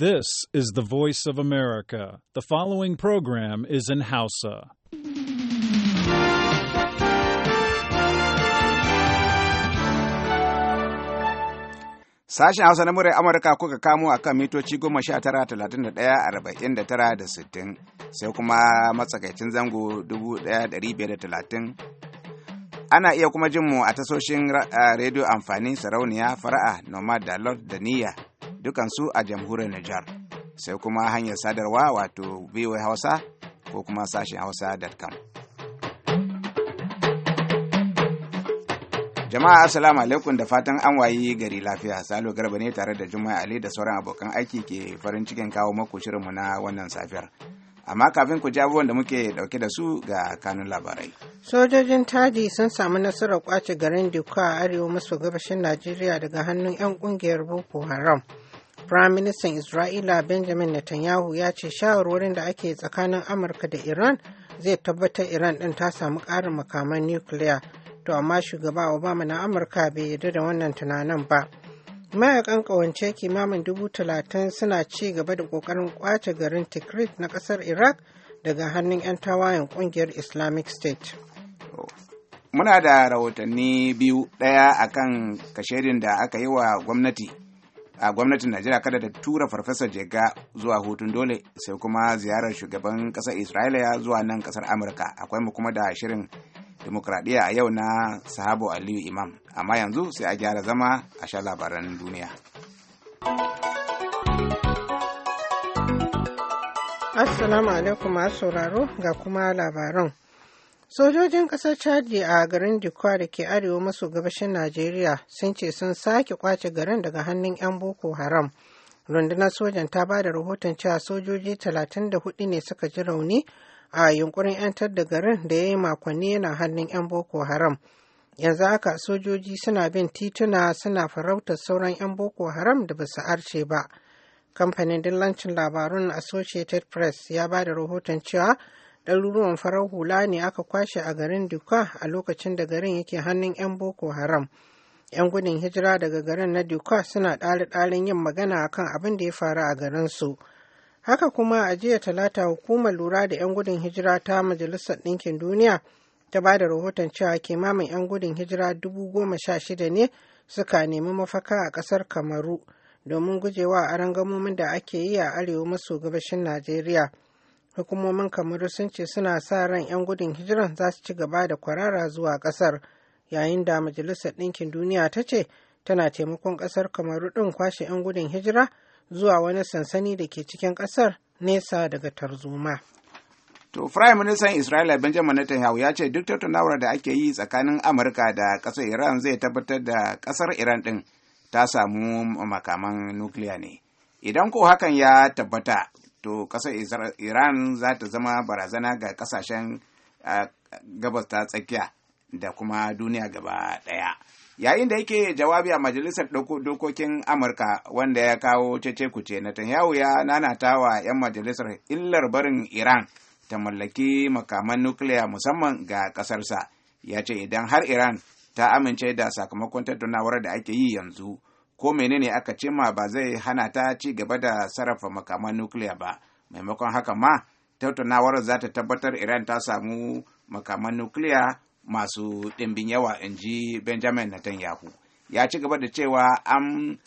This is the voice of America. The following program is in Hausa. Sashen Hausa na murar Amurka kuka kamo a kan mitoci goma sha tara talatin da ɗaya arba'in da tara da sittin sai kuma matsakaicin zango dubu ɗaya ɗari biyar da talatin ana iya kuma jin mu a tasoshin rediyo amfani sarauniya fara'a nomad da lord da niyya dukansu a jamhuriyar Nijar. Sai kuma hanyar sadarwa wato VOA Hausa ko kuma sashen Hausa.com. Jama'a Assalamu alaikum da fatan an wayi gari lafiya. Salo Garba ne tare da Juma'a Ali da sauran abokan aiki ke farin cikin kawo maku shirinmu na wannan safiyar. amma kafin ku ji abubuwan da muke dauke da su ga kanun labarai sojojin taji sun samu nasarar kwace garin duka a arewa maso gabashin najeriya daga hannun 'yan kungiyar boko haram prime minister isra'ila benjamin netanyahu ya ce shawarwarin da ake tsakanin amurka da iran zai tabbatar iran din ta samu ƙarin makaman nukiliya to amma shugaba obama na amurka bai yarda da wannan tunanin ba mayakan kawance kimamin dubu talatin suna ci gaba da kokarin kwace garin tikrit na kasar iraq daga hannun 'yan tawayen kungiyar islamic state muna da rahotanni biyu ɗaya akan kashirin da aka yi wa gwamnati a gwamnatin najeriya kada da tura farfesa jega zuwa hutun dole sai kuma ziyarar shugaban kasar isra'ila zuwa nan kasar amurka akwai mu kuma da shirin demokradiyya a yau na sahabo aliyu imam amma yanzu sai a gyara zama a sha labaran duniya assalamu alaikum masu sauraro ga kuma labaran sojojin ƙasar chadi a garin dikwa da ke arewa maso gabashin najeriya sun ce sun sake kwace garin daga hannun 'yan boko haram rundunar sojan ta ba da rahoton cewa sojoji 34 ne suka ji rauni a yunkurin 'yantar da garin da ya yi makonni yana hannun 'yan boko haram yanzu haka sojoji suna bin tituna suna farautar sauran 'yan boko haram da ba su arce ba kamfanin dillancin labarun associated press ya ba da rahoton cewa ɗaruruwan farar hula ne aka kwashe a garin duka a lokacin da garin yake hannun 'yan boko haram 'yan gudun hijira daga garin na duka suna ɗari yin magana akan abin da ya faru a garinsu. su Haka kuma a jiya talata hukumar lura da 'yan gudun hijira ta Majalisar Ɗinkin Duniya ta ba da rahoton cewa kimamin 'yan gudun hijira dubu goma sha shida ne suka nemi mafaka a ƙasar Kamaru domin gujewa a rangamomin da ake yi a arewa maso gabashin Najeriya. Hukumomin Kamaru sun ce suna sa ran 'yan gudun hijiran za su ci gaba da kwarara zuwa ƙasar yayin da Majalisar Ɗinkin Duniya ta ce tana taimakon ƙasar Kamaru ɗin kwashe 'yan gudun hijira zuwa wani sansani da ke cikin ƙasar nesa daga tarzoma. To, Firayim Ministan Isra'ila Benjamin Netanyahu ya ce duk tattaunawar da ake yi tsakanin Amurka da ƙasar Iran zai tabbatar da ƙasar Iran ɗin ta samu makaman nukiliya ne. Idan ko hakan ya tabbata, to ƙasar Iran za ta zama barazana ga ƙasashen gabas ta tsakiya da kuma duniya gaba ɗaya. yayin da yake jawabi a majalisar dokokin amurka wanda ya kawo cece kuce netanyahu ya nanata wa 'yan majalisar illar barin iran ta mallaki makaman nukiliya musamman ga kasarsa. ya ce idan har iran ta amince da sakamakon tattaunawar da ake yi yanzu ko menene aka ce ma ba zai hana ta ci gaba da sarrafa makaman nukiliya ba maimakon haka ma tattaunawar za ta tabbatar iran ta samu makaman nukiliya masu ɗimbin yawa in ji benjamin netanyahu ya ci gaba da cewa an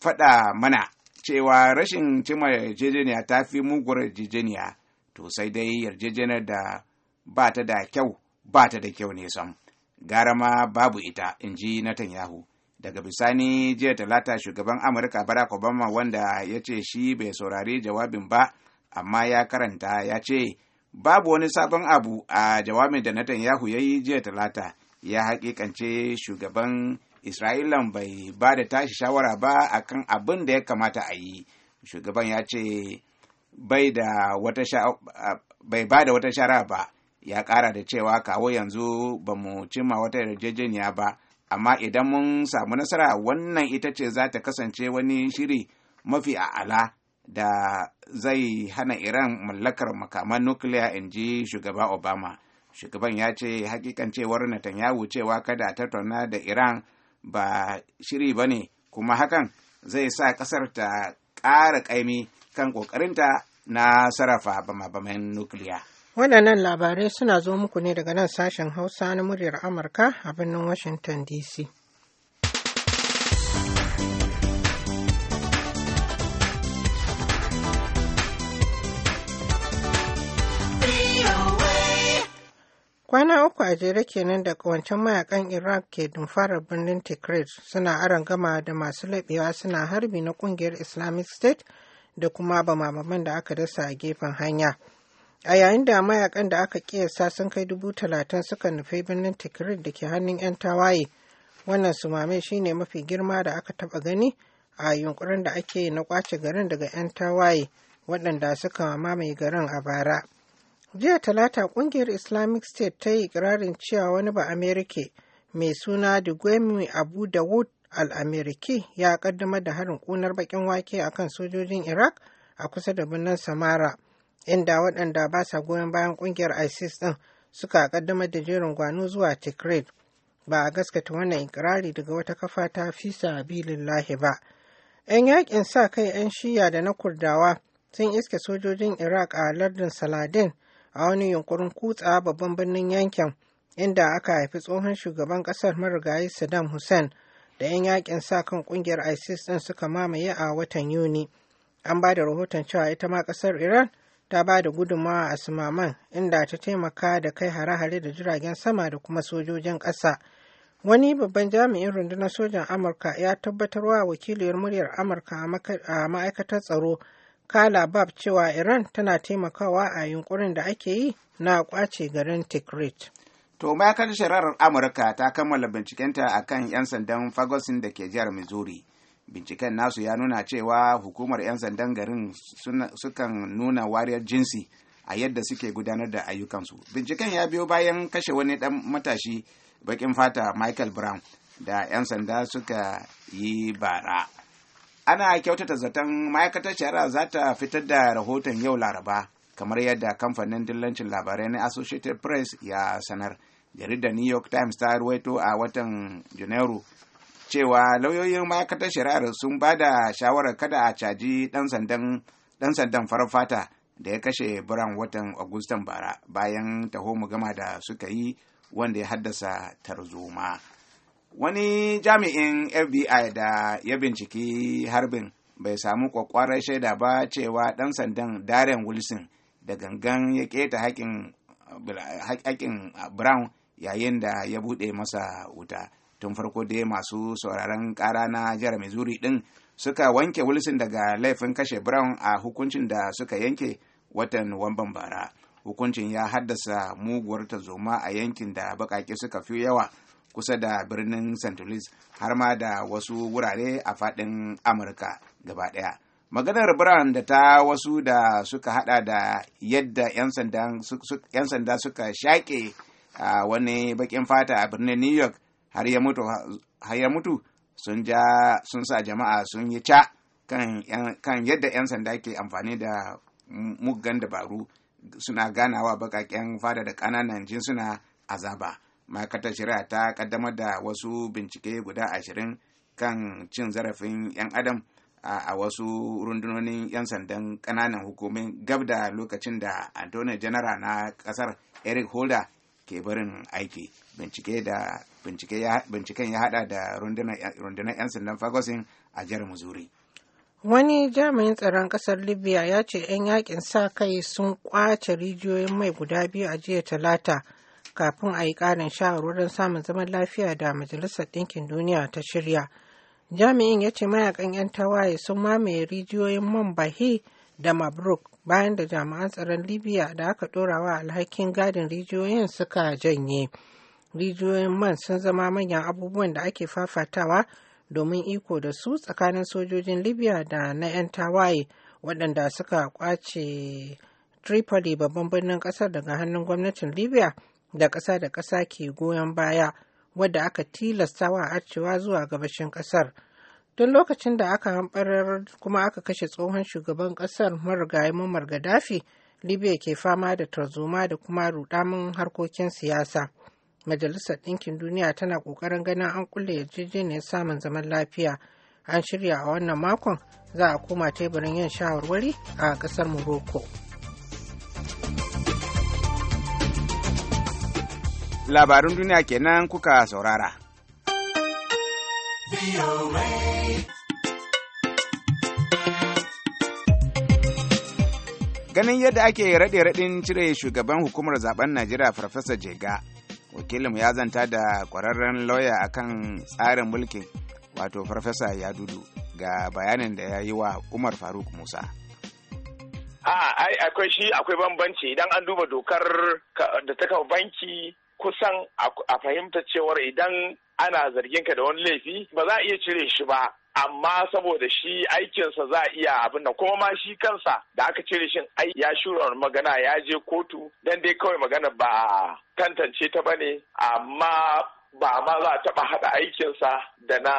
faɗa mana cewa rashin cima yarjejeniya ta fi muguwar yarjejeniya to sai dai yarjejeniyar da ba ta da kyau ba ta da kyau ne sam gara ma babu ita in ji netanyahu daga bisani jiya talata shugaban amurka barack obama wanda ya ce shi bai saurari jawabin ba amma ya karanta ya ce babu wani sabon abu a jawabin da Netanyahu ya yi jiya talata ya hakikance shugaban Isra'ilan bai ba da tashi shawara ba akan abin da ya kamata a yi shugaban ya ce bai da wata ba da wata shara ba ya ƙara da cewa kawo yanzu ba mu cimma wata yarjejeniya ba amma idan mun samu nasara wannan ita ce za ta kasance wani shiri mafi a'ala da zai hana iran mallakar makaman nukiliya in ji shugaba obama shugaban ya ce hakikan cewar netanyahu wucewa, kada tattauna da iran ba shiri ba ne kuma hakan zai sa ƙasar ta ƙara ƙaimi kan ƙoƙarinta na sarrafa bama-baman nukiliya waɗannan labarai suna zo muku ne daga nan sashen hausa na muryar amurka a birnin washington dc Kwana uku a jere kenan da ƙawancen mayakan Iraq ke dumfarar birnin Tikrit suna aron gama da masu laɓewa suna harbi na ƙungiyar Islamic State da kuma mamaman da aka dasa a gefen hanya. A yayin da mayakan da aka kiyasta sun kai dubu talatin suka nufi birnin Tikrit da ke hannun 'yan tawaye. Wannan sumame shine mafi girma da aka taɓa gani a yunkurin da ake na kwace garin daga 'yan tawaye waɗanda suka mamaye garin a bara. jiya talata ƙungiyar islamic state ta yi ikirarin cewa wani ba amerika mai suna gwemi abu dawud al-ameriki ya kaddamar da harin kunar bakin wake a kan sojojin iraq a kusa da birnin samara inda waɗanda ba sa goyon bayan ƙungiyar isis ɗin suka kaddamar da jerin gwano zuwa tikrit ba a gaskata wannan ikirari daga wata kafa ta fisa bilillahi ba 'yan yakin sa kai 'yan shiya da na kurdawa sun iske sojojin iraq a lardin saladin a wani yunkurin kutsa babban birnin yankin inda aka haifi tsohon shugaban kasar marigayi saddam hussein da 'yan yakin sa kan kungiyar isis din suka mamaye a watan yuni an ba da rahoton cewa ita ma kasar iran ta ba da gudunmawa a sumaman inda ta taimaka da kai hare-hare da jiragen sama da kuma sojojin ƙasa wani babban jami'in rundunar sojan amurka ya tabbatarwa wakiliyar muryar amurka a ma'aikatar tsaro Kala Bab cewa Iran tana taimakawa a yunkurin da ake yi na kwace garin Tikrit. To mayakar shararar Amurka ta kammala bincikenta a kan 'yan sandan Ferguson da ke jihar Missouri. Binciken nasu ya nuna cewa hukumar 'yan sandan garin sukan nuna wariyar jinsi a yadda suke gudanar da ayyukansu. Binciken ya biyo bayan kashe wani dan matashi baƙin fata Michael Brown da 'yan sanda suka yi bara. ana kyautata zaton ma'aikatar shari'a za ta fitar da rahoton yau laraba kamar yadda kamfanin dillancin labarai na associated press ya sanar jaridar new york times ta ruwaito a watan janairu cewa lauyoyin ma'aikatar shari'ar sun ba da shawarar kada a caji ɗan sandan farar fata da ya kashe biran watan agustan bara bayan taho gama da suka yi wanda ya haddasa tarzoma wani jami'in fbi da ya binciki harbin bai samu kwakwarar shaida ba cewa ɗan sandan darren wilson da gangan ya keta haƙin brown yayin da ya buɗe masa wuta tun farko dai masu sauraron ƙara na jihar missouri ɗin suka wanke wilson daga laifin kashe brown a hukuncin da suka yanke watan wamban bara hukuncin ya haddasa muguwar zoma a yankin da baƙaƙe suka fi yawa kusa da birnin st louis har ma da wasu wurare a faɗin amurka gaba ɗaya maganar brown da ta wasu da suka hada da yadda 'yan sanda suka shaƙe a wani bakin fata a birnin new york har ya mutu sun ja sun sa jama'a sun yi ca kan yadda 'yan sanda ke amfani da muggan dabaru suna ganawa baƙaƙen fada da ƙananan jinsuna azaba ma'aikatar shari'a ta kaddamar da wasu bincike guda ashirin kan cin zarafin 'yan adam a wasu rundunonin 'yan sandan kananan hukumin gab da lokacin da antonio janara na kasar eric holder ke barin aiki da binciken ya hada da rundunar 'yan sandan fagosin a jihar missouri wani jami'in tsaron kasar libya ya ce 'yan yakin sa kai sun kwace rijiyoyin mai guda biyu a jiya talata kafin a yi ƙarin shawarwarin samun zaman lafiya da Majalisar Ɗinkin Duniya ta shirya. Jami'in ya ce mayakan 'yan tawaye sun mamaye rijiyoyin man bahi da Mabruk bayan da jami'an tsaron Libya da aka ɗorawa alhakin gadin rijiyoyin suka janye. Rijiyoyin man sun zama manyan abubuwan da ake fafatawa domin iko da su tsakanin sojojin Libya da na 'yan tawaye waɗanda suka kwace Tripoli babban birnin ƙasar daga hannun gwamnatin Libya. da ƙasa da ƙasa ke goyon baya wadda aka tilasta wa arcewa zuwa gabashin ƙasar. tun lokacin da aka hamɓarar kuma aka kashe tsohon shugaban ƙasar marigayi mamar Gaddafi, Libya ke fama da tarzoma da kuma rudamin harkokin siyasa. Majalisar Ɗinkin Duniya tana ƙoƙarin ganin an kulle yarjejeniyar samun zaman lafiya. An shirya a wannan makon za a koma teburin yin shawarwari a ƙasar Morocco. labarun duniya kenan kuka saurara. Ganin yadda ake raɗe-raɗin cire shugaban hukumar zaben Najeriya Farfesa Jega, wakilinmu ya zanta da ƙwararren lauya a kan tsarin mulkin wato Farfesa Yadudu ga bayanin da ya yi wa Umar Faruk Musa. A'a, ai akwai shi akwai bambanci idan an duba dokar da ta banki kusan a fahimta cewar idan ana zargin ka da wani laifi ba za a iya cire shi ba amma saboda shi aikinsa za a iya abin nan kuma ma shi kansa da aka cire shin ai ya shura magana ya je kotu dan dai kawai magana ba tantance ta bane amma ba ma za a taɓa haɗa aikinsa da na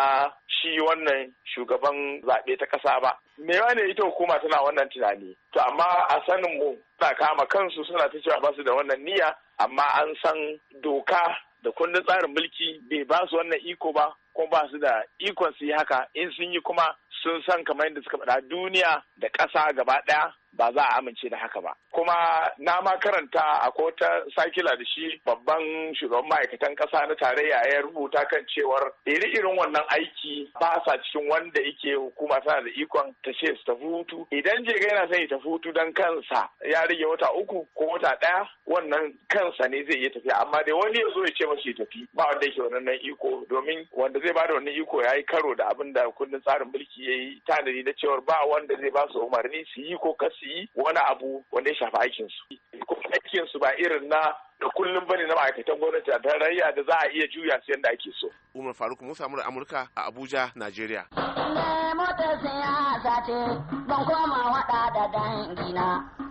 shi wannan shugaban zaɓe ta ƙasa ba. Me ne ita hukuma tana wannan tunani? To amma a sanin mu suna kama kansu suna ta cewa basu da wannan niyya amma an san doka da kundin tsarin mulki bai ba su wannan iko ba kuma ba su da ikon su yi haka in sun yi kuma sun san kamar yadda suka faɗa duniya da ƙasa gaba ɗaya ba za a amince da haka ba kuma na ma karanta a kota sakila da shi babban shugaban ma'aikatan kasa na tarayya ya rubuta kan cewar iri-irin wannan aiki ba sa cikin wanda yake hukuma tana da ikon ta ce su tafi hutu idan je ga yana son ya tafi hutu don kansa ya rage wata uku ko wata ɗaya wannan kansa ne zai iya tafiya amma dai wani ya zo ya ce masa ya tafi ba wanda yake wannan iko domin wanda zai bada wannan iko ya yi karo da abin da kundin tsarin mulki ya yi tanadi na cewar ba wanda zai ba su umarni su yi ko kasu su yi wani abu wanda ya shafi aikinsu kuma aikinsu ba irin na da kullum bane na ma'aikatan gwamnati a tarayya da za a iya juya su yadda ake so. Umar Faruk Musa mura Amurka a Abuja, Najeriya. Eh,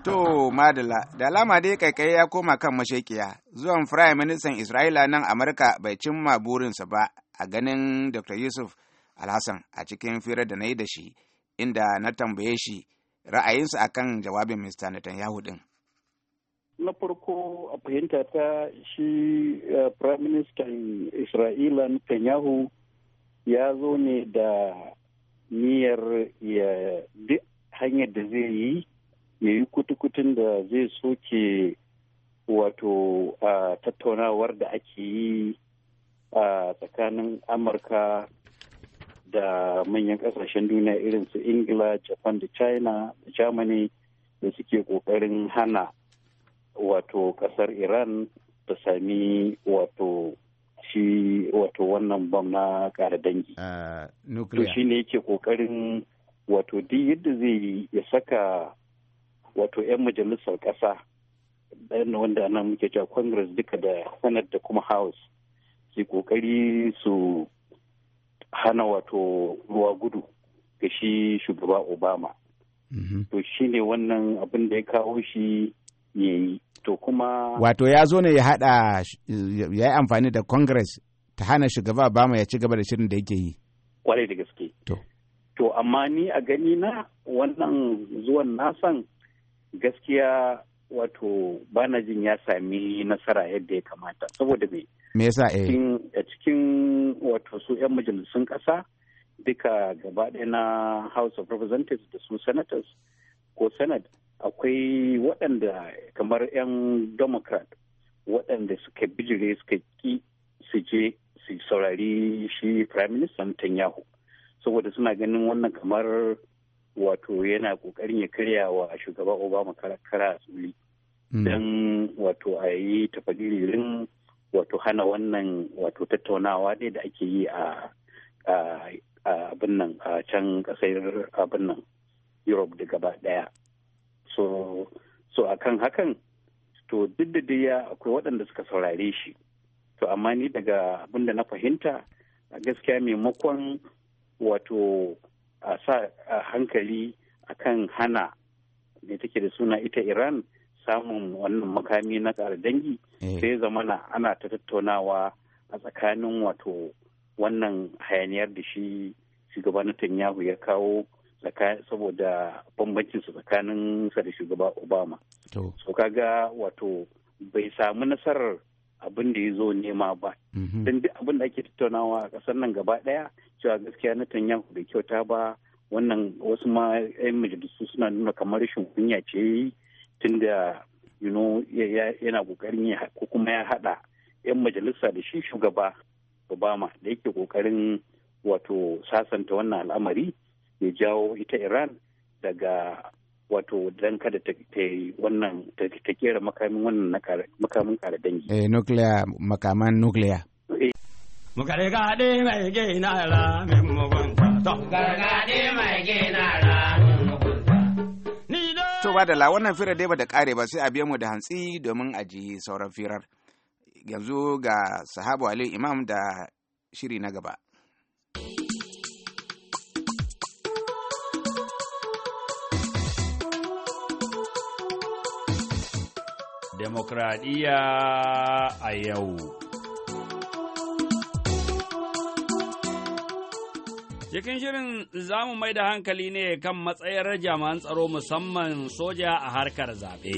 to Madala, da alama dai kaikai ya koma kan mashakiya. Zuwan Firayim Ministan Isra'ila nan Amurka bai cimma burinsa ba a ganin Dr. Yusuf Alhassan a cikin firar da na yi da shi, inda na tambaye shi ra'ayinsu akan jawabin Mr. Netanyahu din. na farko a fahimta ta shi eh, prime minister isra'ila netanyahu ya zo ne da niyyar ya bi hanyar da zai yi ya yi kutukutun da zai soke wato a ah, tattaunawar da ake yi a ah, tsakanin amurka da manyan kasashen duniya irin su ingila japan da china da germany da suke kokarin hana wato kasar iran ta sami wato shi wato wannan bam na kara dangi ah, to shi ne yake kokarin wato duk yadda zai ya saka wato 'yan majalisar kasa bayan wanda nan muke cewa congress duka da senate da kuma house su kokari su hana wato ruwa gudu ga shi shugaba obama mhm. to shi ne wannan abin da ya kawo shi ya yi to kuma wato ya zo ne ya hada ya yi amfani da congress ta hana shugaba obama ya ci gaba da shirin da yake yi kwarai da gaske to to amma ni a gani na wannan zuwan nasan gaskiya wato bana jin ya sami nasara yadda ya kamata saboda me me yasa eh cikin wato su yan majalisun ƙasa duka gaba ɗaya na House of Representatives da su Senators ko Senate akwai waɗanda kamar 'yan Democrat waɗanda suka bijire suka ki su je su saurari shi Prime Minister Netanyahu saboda suna ganin wannan kamar wato yana kokarin ya karya wa shugaba obama a tsuli don wato a yi tafadirin wato hana wannan wato tattaunawa ne da ake yi a abin nan a can kasar abin nan europe da gaba daya so so kan hakan to duk da ya akwai waɗanda suka saurare shi to amma ni daga abin da na fahimta a gaskiya maimakon wato a sa hankali a kan hana da take da suna ita iran samun wannan makami na ƙara dangi eh. sai zamana ana ta tattaunawa a tsakanin wato wannan hayaniyar da shi shugaba tanyahu ya kawo saboda bambancin su tsakanin sa da shugaba Obama. So kaga wato bai samu nasarar abin da ya zo nema ba. Mhm. Don duk abin da ake tattaunawa a ƙasar nan gaba ɗaya cewa gaskiya na tanya da kyauta ba wannan wasu ma 'yan majalisu suna nuna kamar rashin kunya ce yi tun da yana ƙoƙarin ya ko kuma ya haɗa 'yan majalisa da shi shugaba Obama da yake ƙoƙarin wato sasanta wannan al'amari ya jawo ita Iran daga wato don kada ta yi wannan ta kera makamin wannan makamin kare dangi eh nuclear makaman nuclear mukare gade mai gina ra min mugunta to gargade mai gina ra To ba da la wannan firar dai ba da kare ba sai a biye mu da hantsi domin a ji sauran firar. Yanzu ga sahabu Aliyu Imam da shiri na gaba. demokradiyya a yau. Cikin shirin za mu mai da hankali ne kan matsayar jami'an tsaro musamman soja a harkar zaɓe.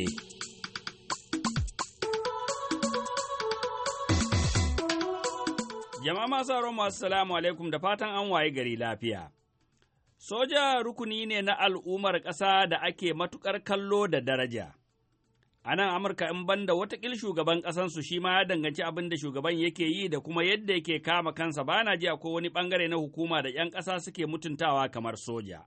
Jama'a masu tsaro masu salamu alaikum da fatan an waye gari lafiya. Soja rukuni ne na al'ummar ƙasa da ake matuƙar kallo da daraja. A nan Amurka in banda watakil shugaban ƙasansu shi ma ya danganci abin da shugaban yake yi da kuma yadda yake kama kansa ba na ji akwai wani bangare na hukuma da ‘yan ƙasa suke mutuntawa kamar soja.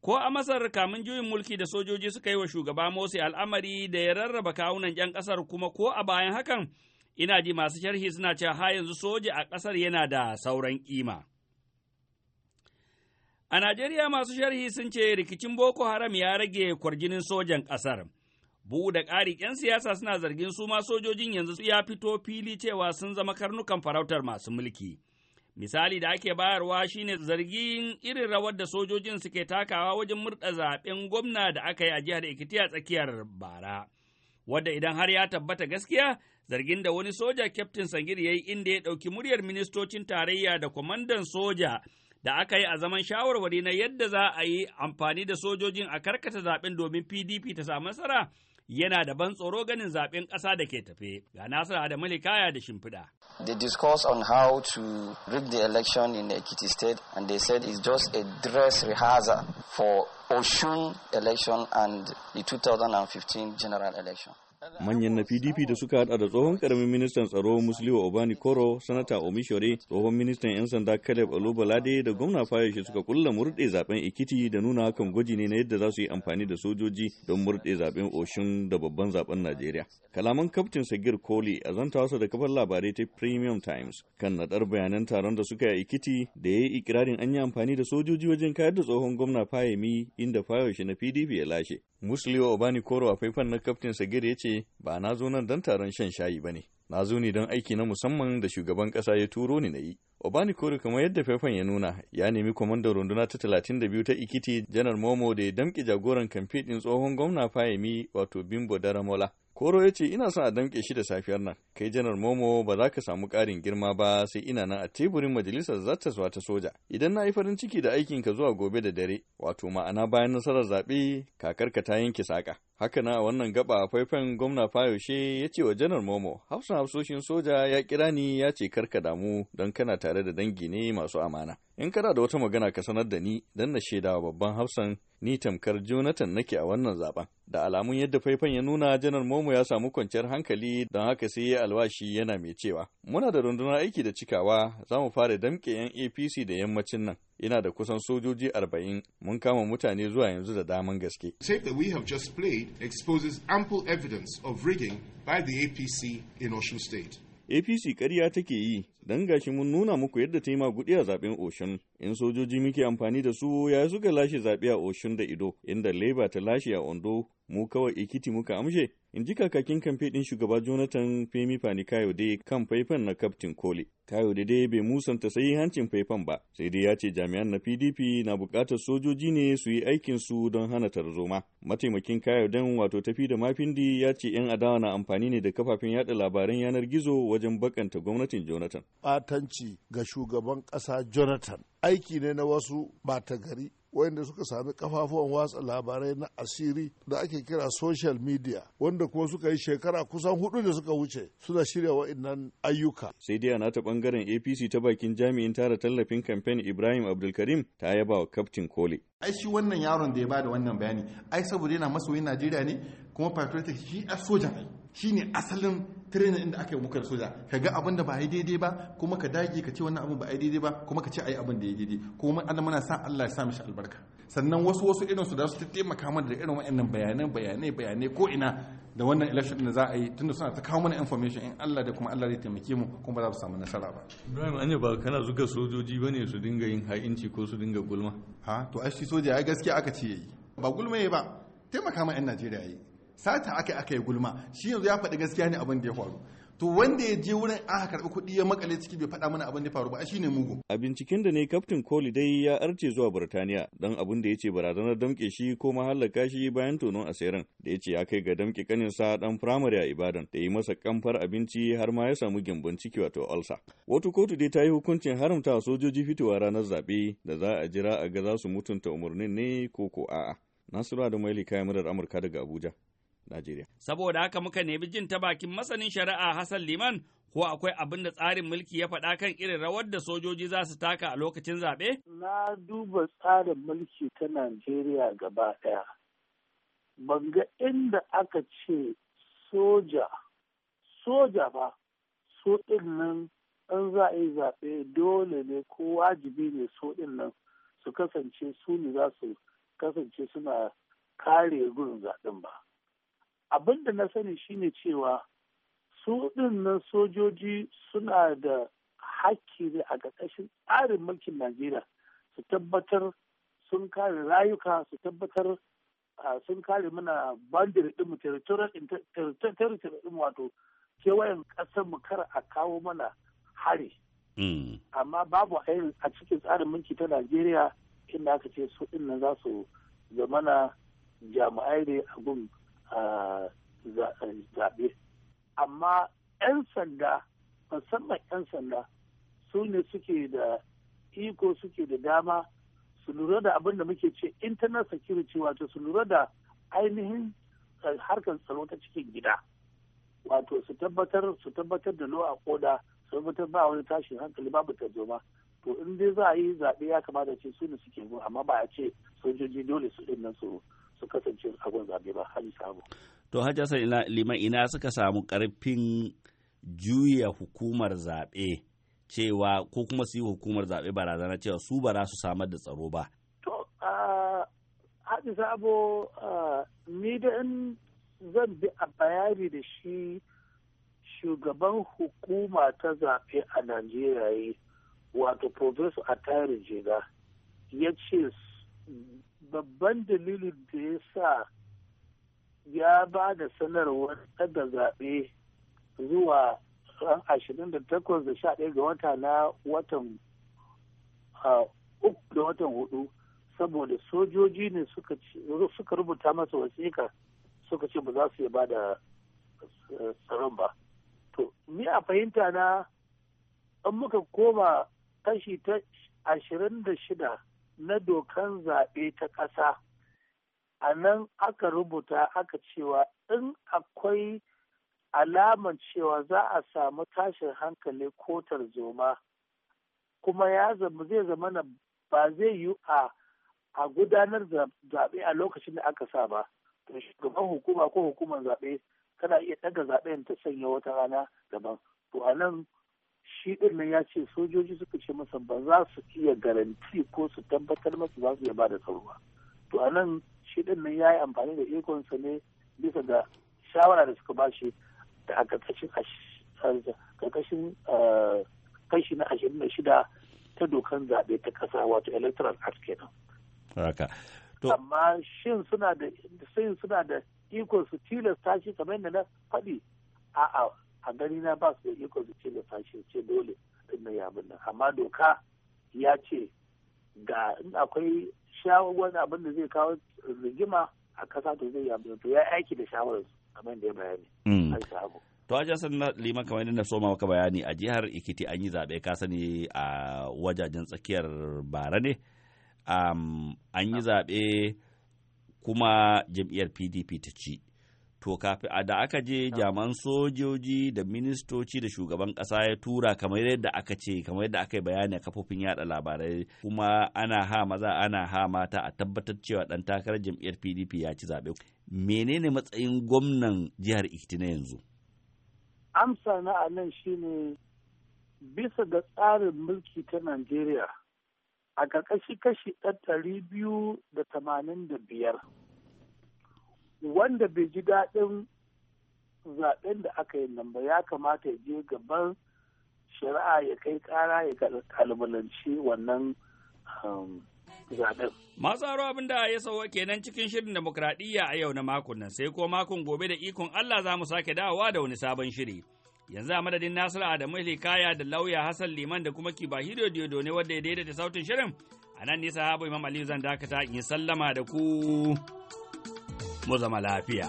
Ko a Masar kamun juyin mulki da sojoji suka yi wa shugaba Mosi al'amari da ya rarraba kawunan ‘yan ƙasar kuma ko a bayan hakan ina ji masu sharhi suna cewa ha yanzu soja a ƙasar yana da sauran ƙima. A Najeriya masu sharhi sun ce rikicin Boko Haram ya rage kwarjinin sojan ƙasar. Bugu da ƙari, ‘yan siyasa suna zargin su ma sojojin yanzu su ya fito fili cewa sun zama karnukan farautar masu mulki. Misali da ake bayarwa shine zargin irin rawar da sojojin suke takawa wajen murɗa zaɓen gwamna da aka yi a jihar Ekiti a tsakiyar bara. Wadda idan har ya tabbata gaskiya, zargin da wani soja Kyaftin Sangir ya yi inda ya ɗauki muryar ministocin tarayya da kwamandan soja da aka yi a zaman shawarwari na yadda za a yi amfani da sojojin a karkata zaɓen domin PDP ta samu nasara. yana da ban tsoro ganin zaben ƙasa da ke tafe ga nasara da Malikaya da Shimfiɗa. They discussed on how to rig the election in Ekiti state and they said it's just a dress rehearsal for Oshun election and the 2015 general election. manyan na pdp da suka hada da tsohon karamin ministan tsaro musliwa obani koro sanata omishore tsohon ministan yan sanda caleb alobalade da gwamna fayashi suka kulla murɗe zaben ikiti da nuna hakan gwaji ne na yadda za su yi amfani da sojoji don murɗe zaben oshun da babban zaben najeriya kalaman kaftin sagir koli a wasa da kafar labarai ta premium times kan nadar bayanan taron da suka yi ikiti da ya yi ikirarin an yi amfani da sojoji wajen kayar da tsohon gwamna fayami inda fayashi na pdp ya lashe musliwa obani koro a faifan na kaftin sagir ya ce ba na zo nan don taron shan shayi ba ne. Na zo ne don aiki na musamman da shugaban ƙasa ya turo ni na yi. Obani Kori kamar yadda faifan ya nuna ya nemi kwamandan runduna ta talatin da 32 ta Ikiti Janar Momo da ya damƙe jagoran kamfe ɗin tsohon gwamna Fayemi wato Bimbo Daramola. Koro ya ce ina son a damƙe shi da safiyar nan, kai janar Momo ba za ka samu ƙarin girma ba sai ina nan a teburin majalisar zartaswa ta soja. Idan na yi farin ciki da aikinka zuwa gobe da dare, wato ma'ana bayan nasarar zaɓe kakarka ta yanke saƙa. Haka na wannan gaba faifan gwamna Fayoshe ya ce wa Janar Momo, hafsan hafsoshin soja ya kira ni ya ce karka damu don kana tare da dangi ne masu amana. In kana da wata magana ka sanar da ni don na shaida wa babban hafsan ni tamkar Jonathan nake a wannan zaben. Da alamun yadda faifan ya nuna Janar Momo ya samu kwanciyar hankali don haka sai ya alwashi yana mai cewa. Muna da rundunar aiki da cikawa za mu fara damƙe 'yan APC da yammacin nan. ina da kusan sojoji 40 mun kama mutane zuwa yanzu da daman gaske. Tape that we have just played exposes ample evidence of rigging by the APC in Osun State. APC ƙarya take yi don gashi mun nuna muku yadda ta yi maguɗi a zaɓen Oshun. In sojoji muke amfani da su ya suka lashe zaɓe a Oshun da Ido, inda Labour ta lashe a Ondo mu kawai ikiti muka amshe in ji kakakin kamfe ɗin shugaba jonathan femi fani dai kan faifan na kaftin kole da dai bai musanta sai hancin faifan ba sai dai ya ce jami'an na pdp na bukatar sojoji ne su yi aikin su don hana tarzoma mataimakin dan wato tafi da mafindi ya ce yan adawa na amfani ne da kafafen yada labaran yanar gizo wajen bakanta gwamnatin jonathan batanci ga shugaban ƙasa jonathan aiki ne na wasu ba ta gari wanda suka sami kafafuwan watsa labarai na asiri da ake kira social media wanda kuma suka yi shekara kusan hudu da suka wuce suna shirya wa'annan ayyuka. Sai dai a nata bangaren APC ta bakin jami'in tara tallafin kamfen Ibrahim Abdulkarim ta yaba wa Kaftin Kole. Ai shi wannan yaron da ya bada wannan bayani ai saboda yana masoyin Najeriya ne kuma patriotic shi a sojan shine asalin training inda aka yi muka da soja ka ga abin da ba yi daidai ba kuma ka dage ka ce wannan abin ba yi daidai ba kuma ka ce ayi abin da ya daidai kuma ana mana sa Allah ya sa mishi albarka sannan wasu wasu irin su da su taimaka mana da irin wa'annan bayanai bayanai bayanai ko ina da wannan election da za a yi tunda suna ta kawo mana information in Allah da kuma Allah zai taimake mu kuma ba za su samu nasara ba Ibrahim anya ba kana zuga sojoji bane su dinga yin ha'inci ko su dinga gulma ha to ai shi soja ai gaskiya aka ce yayi ba gulma yayi ba taimaka ma 'yan Najeriya yayi sata aka aka yi gulma shi yanzu ya faɗi gaskiya ne abin da ya faru to wanda ya je wurin aka karɓi kuɗi ya makale ciki bai faɗa mana abin da ya faru ba ne mugu a binciken da ne kaftin koli dai ya arce zuwa burtaniya don abin da ya ce barazanar damƙe shi ko mahallaka shi bayan tonon asirin da ya ce ya kai ga damƙe kanin sa dan firamare a ibadan da yi masa kamfar abinci har ma ya samu gyambon ciki wato ulcer wata kotu dai ta yi hukuncin haramta sojoji fitowa ranar zaɓe da za a jira a ga za su mutunta umarnin ne ko ko a'a nasiru da maili kayan murar amurka daga abuja Najeriya. Saboda haka muka nemi jin ta bakin masanin shari'a Hassan Liman ko akwai abin da tsarin mulki ya faɗa kan irin rawar da sojoji za su taka a lokacin zaɓe? Na duba tsarin mulki ta Najeriya gaba ɗaya. Ban ga inda aka ce soja, soja ba, so ɗin nan an za a yi zaɓe dole ne ko wajibi ne so ɗin nan su kasance su ne za su kasance suna kare gurin zaɓen ba. abin da na sani shine cewa su nan sojoji suna da hakki ne a ƙarƙashin tsarin mulkin najeriya su tabbatar sun kare rayuka su tabbatar sun kare mana ɗin mu territorial ɗin wato kewayen ƙasar mu kar a kawo mana hari hmm. amma babu a cikin tsarin mulki ta najeriya inda aka ce su ɗin nan za su zamana jami'ai ne a gun zaɓe amma 'yan sanda musamman 'yan sanda su ne suke da iko suke da dama su lura da abin da muke ce internal security wato su lura da ainihin eh, harkar tsaro ta cikin gida wato su tabbatar su tabbatar da lo'a koda su tabbatar ba wani tashin hankali babu tarzoma to in dai za a yi zaɓe ya kamata ce su ne suke gun amma ba a ce sojoji dole su ɗin nan su su kasance abin zabe ba hali samu to hajjasa liman ina suka samu karfin juya hukumar zaɓe cewa ko kuma su yi hukumar zaɓe barazana cewa su ba su samar da tsaro ba to haɗi sabo ni da zan bi a bayani da shi shugaban hukuma ta zaɓe a najeriya wato professor atari jega ya ce babban dalilin da ya sa ya ba da sanarwar daga zaɓe zuwa ran ashirin da takwas da sha ɗaya ga wata na watan uku da watan hudu saboda sojoji ne suka rubuta masa wasiƙa suka ce ba za su ba da eh, tsaron ba to ni a fahimta na an muka koma kashi ta ashirin da shida na dokan zaɓe ta ƙasa a nan aka rubuta aka cewa in akwai alamar cewa za a samu tashin hankali ko zoma kuma ya zama zai zama na ba zai yi a gudanar zaɓe a lokacin da aka sa ba to shugaban hukuma ko hukumar zaɓe tana iya ɗaga zaɓen ta sanya wata rana daban to a nan shi din ya ce sojoji suka ce masa ba za su iya garanti ko su tabbatar masa za su iya ba da tsaro ba to a nan shi din ya yi amfani da ikonsa ne bisa ga shawara da suka ba shi da a karkashin kashi na ashirin da shida ta dokan zaɓe ta ƙasa wato electoral act kenan. Amma shin suna da suna su tilasta shi kamar yadda na faɗi a'a a gani na ba su da iko su ce da fashin ce dole na yabin nan amma doka ya ce ga in akwai shawarwar abin da zai kawo rigima a kasa to zai yi to ya aiki da shawarar kamar da ya bayani hmm. to aja san liman kamar yadda na soma maka bayani a jihar ikiti an yi zaɓe ka sani a wajajen tsakiyar bara ne an yi ah. zaɓe kuma jam'iyyar pdp ta ci to kafin a da aka je jaman sojoji da ministoci da shugaban kasa ya tura kamar yadda aka ce kamar yadda aka yi bayani a kafofin yada labarai kuma ana ha maza ana ha mata a tabbatar cewa dan takarar jam'iyyar pdp ya ci zaɓe menene matsayin gwamnan jihar ikiti yanzu amsa na anan shine bisa ga tsarin mulki ta najeriya a ƙarƙashin kashi ɗan ɗari biyu da tamanin da biyar wanda bai ji daɗin zaɓen da aka yi nan ba ya kamata ya je gaban shari'a ya kai ƙara ya kalubalanci wannan um, zaɓen. Masu haro abin da ya sauwa kenan cikin shirin demokradiyya a yau na makon nan sai ko makon gobe da ikon Allah za mu sake dawowa da wani sabon shiri. Yanzu a madadin Nasiru Adamu kaya da lauya Hassan Liman da kuma Kibahido Diodo ne wadda ya daidaita sautin shirin. A nan nisa Habu Imam Aliyu zan dakata in sallama da ku. mu zama lafiya.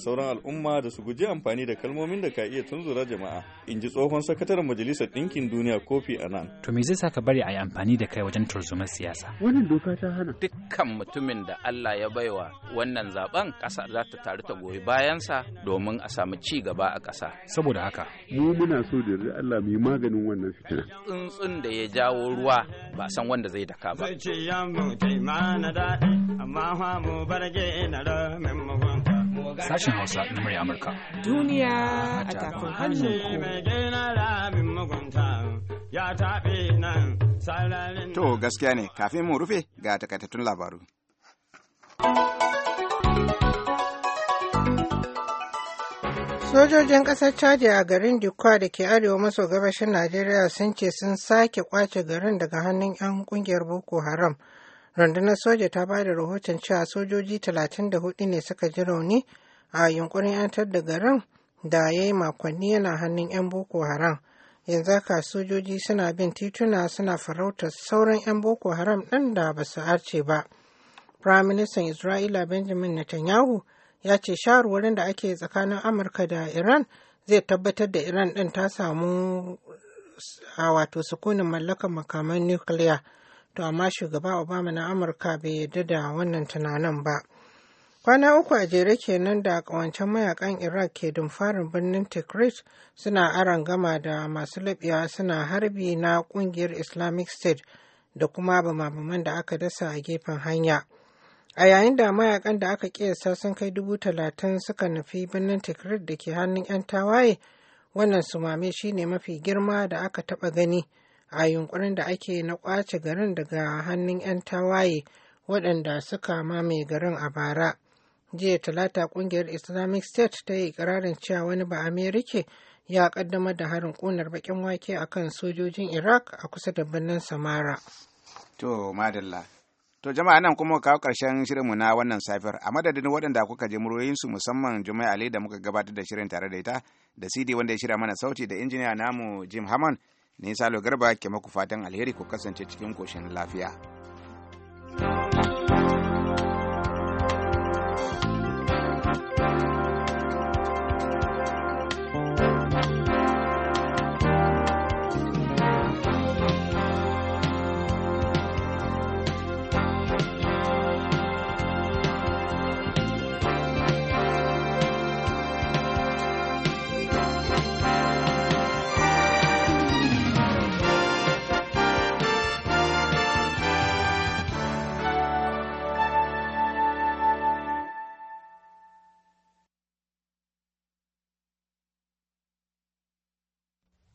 sauran al'umma da su guji amfani da kalmomin da ka iya tunzura jama'a in ji tsohon sakataren majalisar ɗinkin duniya kofi a nan. to me zai sa ka bari a yi amfani da kai wajen turzumar siyasa wannan doka ta hana dukkan mutumin da Allah ya baiwa wannan zaben ƙasa za ta taru ta goyi bayansa domin a samu ci gaba a ƙasa saboda haka mu muna so da yarda Allah mu maganin wannan fitina tsuntsun da ya jawo ruwa ba san wanda zai daka ba zai ce yamu kai ma na daɗi amma mu barge na ramin mu sashen Hausa na murya Amurka. Duniya a takon hannunku. To gaskiya ne kafin mu rufe ga takaitattun labaru. Sojojin ƙasar Chadi a garin Dikwa da ke arewa maso gabashin Najeriya sun ce sun sake kwace garin daga hannun 'yan ƙungiyar Boko Haram. rundunar soja ta ba da rahoton cewa sojoji 34 ne suka ji rauni a yunkurin 'yantar da garin da ya yi makonni yana hannun 'yan boko haram yanzu haka sojoji suna bin tituna suna farautar sauran 'yan boko haram ɗin da ba su arce ba prime minister isra'ila benjamin netanyahu ya ce shawarwarin da ake tsakanin amurka da iran zai tabbatar da iran ɗin ta samu a wato sukunin mallakar makaman nukiliya. to amma shugaba obama na amurka bai yarda da wannan tunanin ba kwana uku a jere kenan da kawancen mayakan iraq ke dumfarin birnin tikrit suna aron gama da masu labiya suna harbi na kungiyar islamic state da kuma bamabaman da aka dasa a gefen hanya a yayin da mayakan da aka kiyasta sun kai dubu talatin suka nufi birnin tikrit da ke hannun 'yan tawaye wannan sumame shine mafi girma da aka taba gani a yunkurin da ake na kwace garin daga hannun 'yan tawaye waɗanda suka mame garin a bara. jiya talata ƙungiyar islamic state ta yi ƙirarin cewa wani ba amerika ya ƙaddamar da harin ƙunar bakin wake a kan sojojin iraq a kusa da birnin samara to madalla to jama'a nan kuma kawo ƙarshen shirinmu na wannan safiyar a madadin waɗanda kuka je muroyinsu musamman juma'a ali da muka gabatar da shirin tare da ita da cd wanda ya shirya mana sauti da injiniya namu jim hammond ne salo garba ke maku fatan alheri ku kasance cikin koshin lafiya